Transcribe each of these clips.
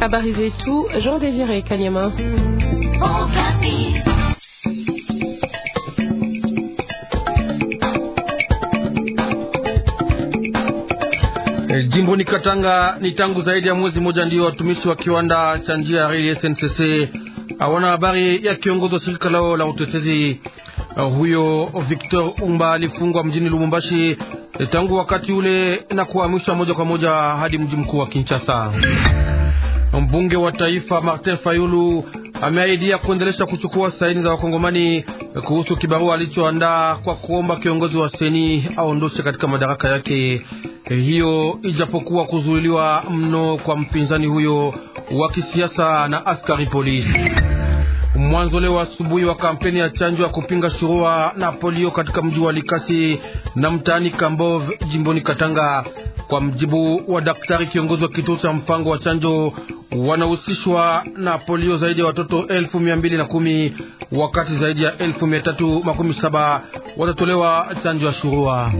Habari zetu Jean Désiré Kanyama. Eh, ni Katanga ni tangu zaidi ya mwezi mmoja ndio watumishi wa kiwanda cha njia ya reli SNCC hawana habari ya kiongozi wa shirika lao la utetezi. Eh, huyo Victor Umba alifungwa mjini Lubumbashi tangu wakati ule na kuhamishwa moja kwa moja hadi mji mkuu wa Kinshasa. Mbunge wa taifa Martin Fayulu ameahidia kuendelesha kuchukua saini za wakongomani kuhusu kibarua alichoandaa kwa kuomba kiongozi wa seni aondoshe katika madaraka yake, hiyo ijapokuwa kuzuiliwa mno kwa mpinzani huyo wa kisiasa na askari polisi mwanzo leo asubuhi wa kampeni ya chanjo ya kupinga shurua na polio katika mji wa Likasi na mtaani Kambov jimboni Katanga. Kwa mjibu wa daktari kiongozi wa kituo cha mpango wa chanjo, wanahusishwa na polio zaidi ya watoto elfu mia mbili na kumi wakati zaidi ya elfu mia tatu makumi saba watatolewa chanjo ya shurua.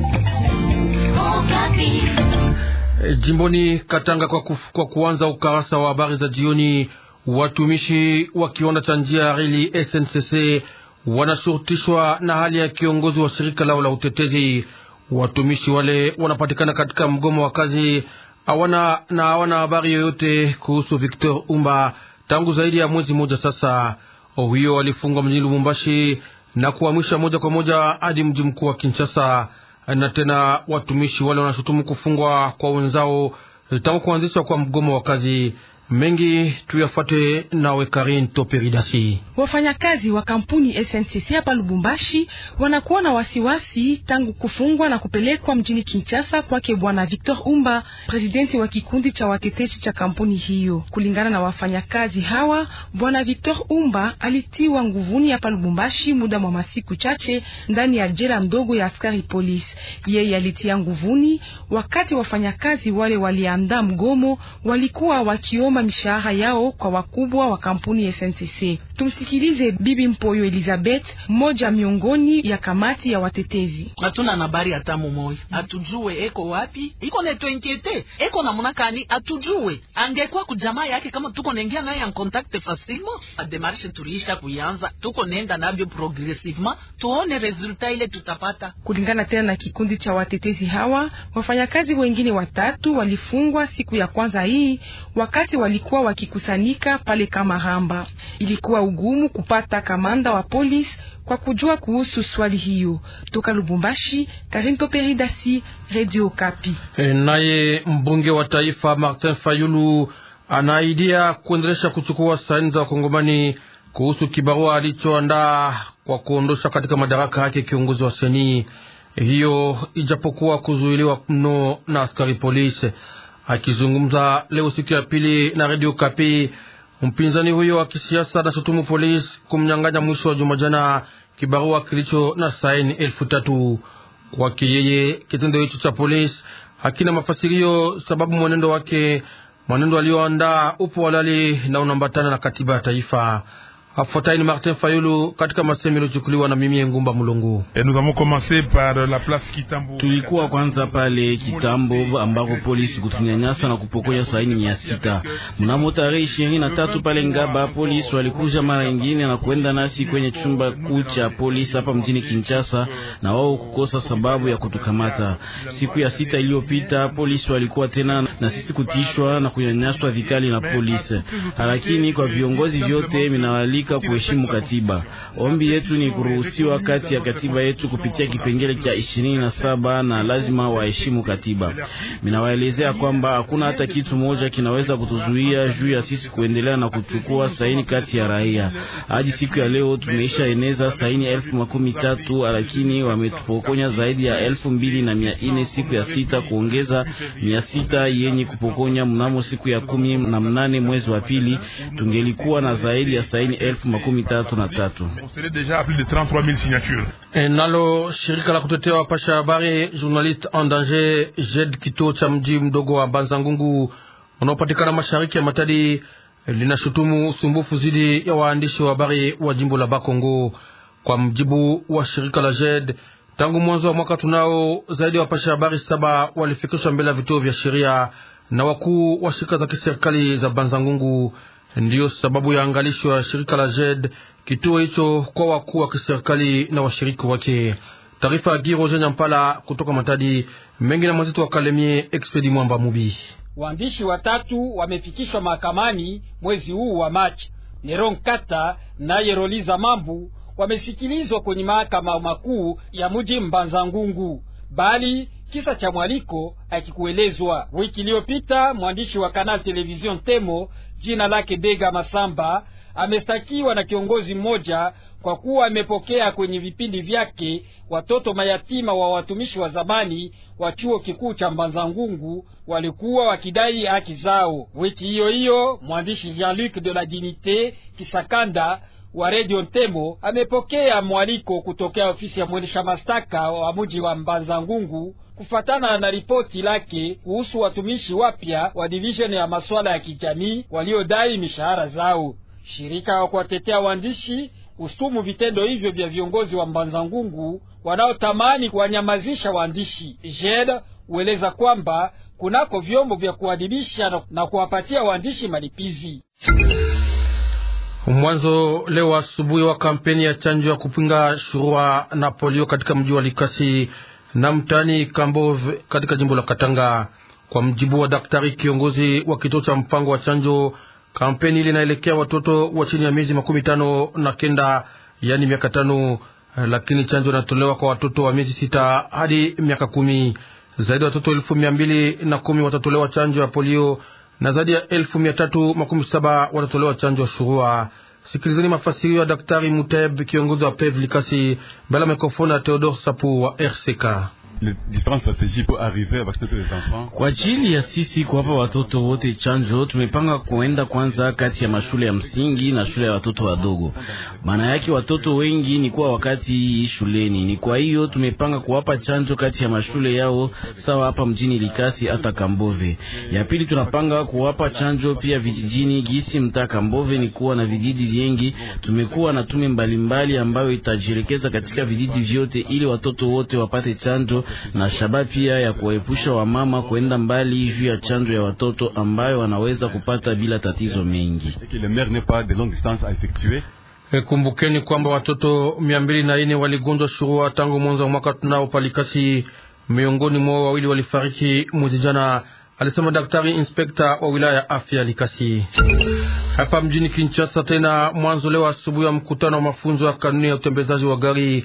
Jimboni Katanga, kwa, kwa kuanza ukarasa wa habari za jioni Watumishi wa kiwanda cha njia ya reli SNCC wanashurutishwa na hali ya kiongozi wa shirika lao la utetezi. Watumishi wale wanapatikana katika mgomo wa kazi hawana na hawana habari yoyote kuhusu Victor Umba tangu zaidi ya mwezi mmoja sasa. Huyo walifungwa mjini Lubumbashi na kuhamisha moja kwa moja hadi mji mkuu wa Kinshasa. Na tena watumishi wale wanashutumu kufungwa kwa wenzao tangu kuanzishwa kwa mgomo wa kazi mengi tuyafate nawe Karin Toperidasi. Wafanyakazi wa kampuni SNCC hapa Lubumbashi wanakuwa na wasiwasi tangu kufungwa na kupelekwa mjini Kinshasa kwake bwana Victor Umba, presidenti wa kikundi cha watetechi cha kampuni hiyo. Kulingana na wafanyakazi hawa, bwana Victor Umba alitiwa nguvuni hapa Lubumbashi muda mwa masiku chache ndani ya jela ndogo ya askari polisi. Yeye alitia nguvuni wakati wafanyakazi wale waliandaa mgomo, walikuwa wakioma mishahara yao kwa wakubwa wa kampuni SNCC. Tumsikilize Bibi Mpoyo Elizabeth, moja miongoni ya kamati ya watetezi. Hatuna habari hata mmoja, hatujue eko wapi, iko neto inquiete eko namuna kani, hatujue angekuwa kujamaa yake. Kama tuko naingia naye en contact facilement, a demarche tuliisha kuyanza, tuko nenda nabyo progressivement, tuone resulta ile tutapata. Kulingana tena na kikundi cha watetezi hawa, wafanyakazi wengine watatu walifungwa siku ya kwanza hii wakati wali walikuwa wakikusanyika pale kama Kamaramba. Ilikuwa ugumu kupata kamanda wa polisi kwa kujua kuhusu swali hiyo. Toka Lubumbashi, Karin Toperidasi, Radio Kapi. E, Naye mbunge wa taifa Martin Fayulu anaaidia kuendelesha kuchukua saini za wakongomani kuhusu kibarua alichoandaa kwa kuondosha katika madaraka yake kiongozi wa senii hiyo, ijapokuwa kuzuiliwa mno na askari polisi. Akizungumza leo siku ya pili na Radio Kapi, mpinzani huyo wa kisiasa anashutumu polisi kumnyang'anya mwisho wa juma jana kibarua kilicho na saini elfu tatu. Kwake yeye kitendo hicho cha polisi hakina mafasirio, sababu mwenendo wake mwenendo aliyoandaa upo walali na unambatana na katiba ya taifa. Afuataini Martin Fayulu katika masemi yaliyochukuliwa na mimi Ngumba Mulungu. Tulikuwa kwanza pale Kitambo ambako polisi kutunyanyasa na kupokonya saini mia sita mnamo tarehe ishirini na tatu pale Ngaba. Polisi walikuja mara ingine na kuenda nasi kwenye chumba kuu cha polisi hapa mjini Kinshasa, na wao kukosa sababu ya kutukamata. Siku ya sita iliyopita polisi walikuwa tena na sisi kutishwa na kunyanyaswa vikali na polisi. Lakini kwa viongozi vyote, minawalika kuheshimu katiba. Ombi yetu ni kuruhusiwa kati ya katiba yetu kupitia kipengele cha ishirini na saba na lazima waheshimu katiba. Minawaelezea kwamba hakuna hata kitu moja kinaweza kutuzuia juu ya sisi kuendelea na kuchukua saini kati ya raia. Hadi siku ya leo tumeisha eneza saini elfu makumi tatu lakini wametupokonya zaidi ya elfu mbili na mia nne siku ya sita kuongeza mia sita yenye yenye kupokonya mnamo siku ya kumi na mnane mwezi wa pili tungelikuwa na zaidi ya saini elfu makumi tatu na tatu. Eh, nalo shirika la kutetea wapasha habari Journaliste en Danger JED kituo cha mji mdogo wa Banzangungu unaopatikana mashariki ya Matadi linashutumu usumbufu zidi ya waandishi wa habari wa jimbo la Bakongo. Kwa mjibu wa shirika la JED Tangu mwanzo wa mwaka tunao zaidi ya wapasha habari saba walifikishwa mbele ya vituo vya sheria na wakuu wa shirika za kiserikali za Banzangungu. Ndiyo sababu ya angalisho ya shirika la JED kituo hicho kwa wakuu wa kiserikali na washiriki wake. Taarifa ya Giroje Nyampala kutoka Matadi mengi na mwenzetu wa Kalemie Expedi Mwamba Mubi. Waandishi watatu wamefikishwa mahakamani mwezi huu wa Machi, Neron Kata na Yeroliza Mambu wamesikilizwa kwenye mahakama makuu ya mji Mbanza Ngungu, bali kisa cha mwaliko akikuelezwa. Wiki iliyopita mwandishi wa Canal Television Temo jina lake Dega Masamba amestakiwa na kiongozi mmoja kwa kuwa amepokea kwenye vipindi vyake watoto mayatima wa watumishi wa zamani wa chuo kikuu cha Mbanza-Ngungu walikuwa wakidai haki zao. Wiki hiyo hiyo mwandishi Jean-Luc de la Dignité Kisakanda wa redio ntemo amepokea mwaliko kutokea ofisi ya mwendesha mashtaka wa mji wa Mbanza Ngungu kufatana na ripoti lake kuhusu watumishi wapya wa divisheni ya masuala ya kijamii waliodai mishahara zao. Shirika wa kuwatetea waandishi usumu vitendo hivyo vya viongozi wa Mbanza Ngungu wanaotamani kuwanyamazisha waandishi. JED hueleza kwamba kunako vyombo vya kuadibisha na kuwapatia waandishi malipizi Mwanzo leo asubuhi wa kampeni ya chanjo ya kupinga shurua na polio katika mji wa Likasi na mtani Kambove katika jimbo la Katanga. Kwa mjibu wa daktari kiongozi wa kituo cha mpango wa chanjo, kampeni ile inaelekea watoto wa chini ya miezi makumi tano na kenda, yaani miaka tano, lakini chanjo inatolewa kwa watoto wa miezi sita hadi miaka kumi. Zaidi ya watoto elfu mia mbili na kumi watatolewa chanjo ya polio na zaidi ya elfu mia tatu makumi saba watatolewa chanjo wa shurua. Sikilizeni mafasirio ya Daktari Muteb, kiongozi wa PEV Likasi, mbele ya mikrofoni ya Theodore Sapu wa RCK kwa ajili ya sisi kuwapa watoto wote chanjo. Tumepanga kuenda kwanza kati ya mashule ya msingi na shule ya watoto wadogo, maana yake watoto wengi ni kwa wakati hii shuleni. Ni kwa hiyo tumepanga kuwapa chanjo kati ya mashule yao, sawa hapa mjini Likasi hata Kambove. Ya pili tunapanga kuwapa chanjo pia vijijini gisi mtaa Kambove ni kuwa na vijiji vingi. Tumekuwa na tume mbalimbali ambayo itajielekeza katika vijiji vyote ili watoto wote wapate chanjo na shaba pia ya kuwaepusha wamama kwenda mbali juu ya chanjo ya watoto ambayo wanaweza kupata bila tatizo mengi. E, kumbukeni kwamba watoto mia mbili na waligonjwa shurua tangu mwanzo wa mwaka tunao palikasi, miongoni mwao wawili walifariki mwezi jana, alisema daktari inspekta wa wilaya ya afya Likasi. Hapa mjini Kinshasa tena mwanzo leo asubuhi ya mkutano wa mafunzo ya kanuni ya utembezaji wa gari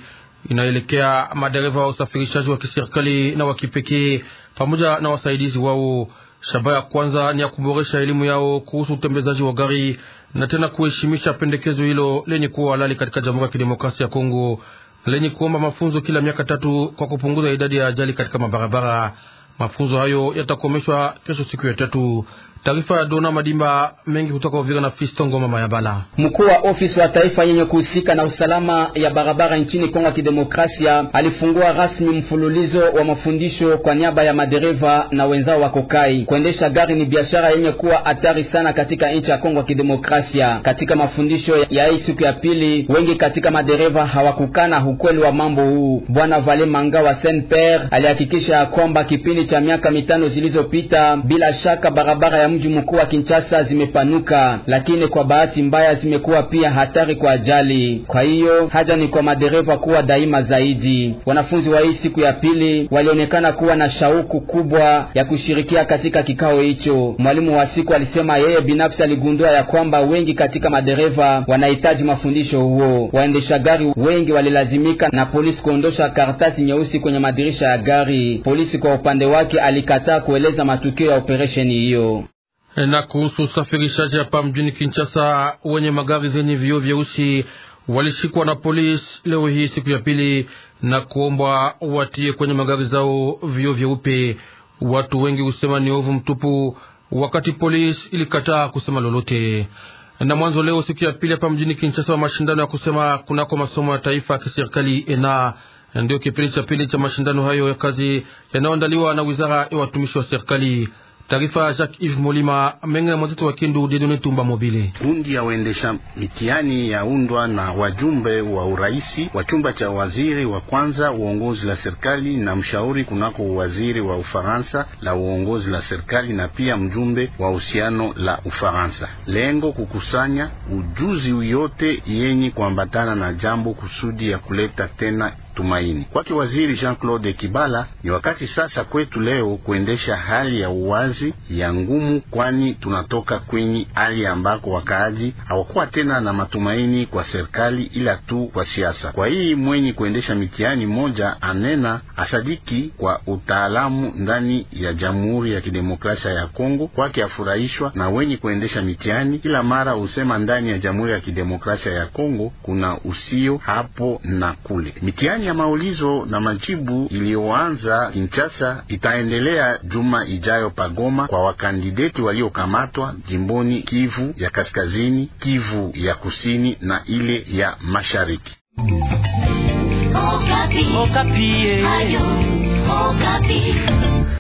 inaelekea madereva wa usafirishaji wa kiserikali na wa kipekee pamoja na wasaidizi wao. Shabaha ya kwanza ni ya kuboresha elimu yao kuhusu utembezaji wa gari na tena kuheshimisha pendekezo hilo lenye kuwa halali katika Jamhuri ya Kidemokrasia ya Kongo lenye kuomba mafunzo kila miaka tatu kwa kupunguza idadi ya ajali katika mabarabara. Mafunzo hayo yatakomeshwa kesho siku ya tatu. Taarifa ya Dona Madimba mengi kutoka Uvira na Fisto Ngoma Mayabala. Mkuu wa ofisi wa taifa yenye kuhusika na usalama ya barabara nchini Kongo ya Kidemokrasia alifungua rasmi mfululizo wa mafundisho kwa niaba ya madereva na wenzao wa kokai. Kuendesha gari ni biashara yenye kuwa hatari sana katika nchi ya Kongo ya Kidemokrasia. Katika mafundisho ya hii siku ya pili, wengi katika madereva hawakukana ukweli wa mambo huu. Bwana Vale Manga wa Saint Pierre alihakikisha kwamba kipindi cha miaka mitano zilizopita, bila shaka barabara ya mji mkuu wa Kinshasa zimepanuka, lakini kwa bahati mbaya zimekuwa pia hatari kwa ajali. Kwa hiyo haja ni kwa madereva kuwa daima zaidi. Wanafunzi wa hii siku ya pili walionekana kuwa na shauku kubwa ya kushirikia katika kikao hicho. Mwalimu wa siku alisema yeye binafsi aligundua ya kwamba wengi katika madereva wanahitaji mafundisho huo. Waendesha gari wengi walilazimika na polisi kuondosha karatasi nyeusi kwenye madirisha ya gari. Polisi kwa upande wake alikataa kueleza matukio ya operesheni hiyo. Na kuhusu usafirishaji hapa mjini Kinshasa, wenye magari zenye vioo vyeusi walishikwa na polisi leo hii siku ya pili na kuombwa watie kwenye magari zao vioo vyeupe. Watu wengi husema ni ovu mtupu, wakati polisi ilikataa kusema lolote. Na mwanzo leo siku ya pili hapa mjini Kinshasa wa mashindano ya kusema kunako masomo ya taifa ya kiserikali ENA ndio kipindi cha pili cha mashindano hayo ya kazi yanayoandaliwa na wizara ya watumishi wa serikali. Taarifa ya Jacques Yves Molima Menga na mwenzetu wa Kindu Dedone Tumba Mobile. Kundi ya waendesha mitihani undwa na wajumbe wa uraisi wa chumba cha waziri wa kwanza uongozi la serikali na mshauri kunako waziri wa Ufaransa la uongozi la serikali na pia mjumbe wa uhusiano la Ufaransa. Lengo kukusanya ujuzi yote yenye kuambatana na jambo kusudi ya kuleta tena matumaini Kwake Waziri Jean-Claude Kibala, ni wakati sasa kwetu leo kuendesha hali ya uwazi ya ngumu, kwani tunatoka kwenye hali ambako wakaaji hawakuwa tena na matumaini kwa serikali ila tu kwa siasa. Kwa hii mwenye kuendesha mitihani moja anena asadiki kwa utaalamu ndani ya Jamhuri ya Kidemokrasia ya Kongo, kwake afurahishwa na wenye kuendesha mitihani kila mara husema ndani ya Jamhuri ya Kidemokrasia ya Kongo kuna usio hapo na kule mitihani ya maulizo na majibu iliyoanza Kinshasa itaendelea juma ijayo pagoma kwa wakandideti waliokamatwa jimboni Kivu ya Kaskazini, Kivu ya Kusini na ile ya Mashariki. Okapi. Okapi. Eh. Ayu, Okapi.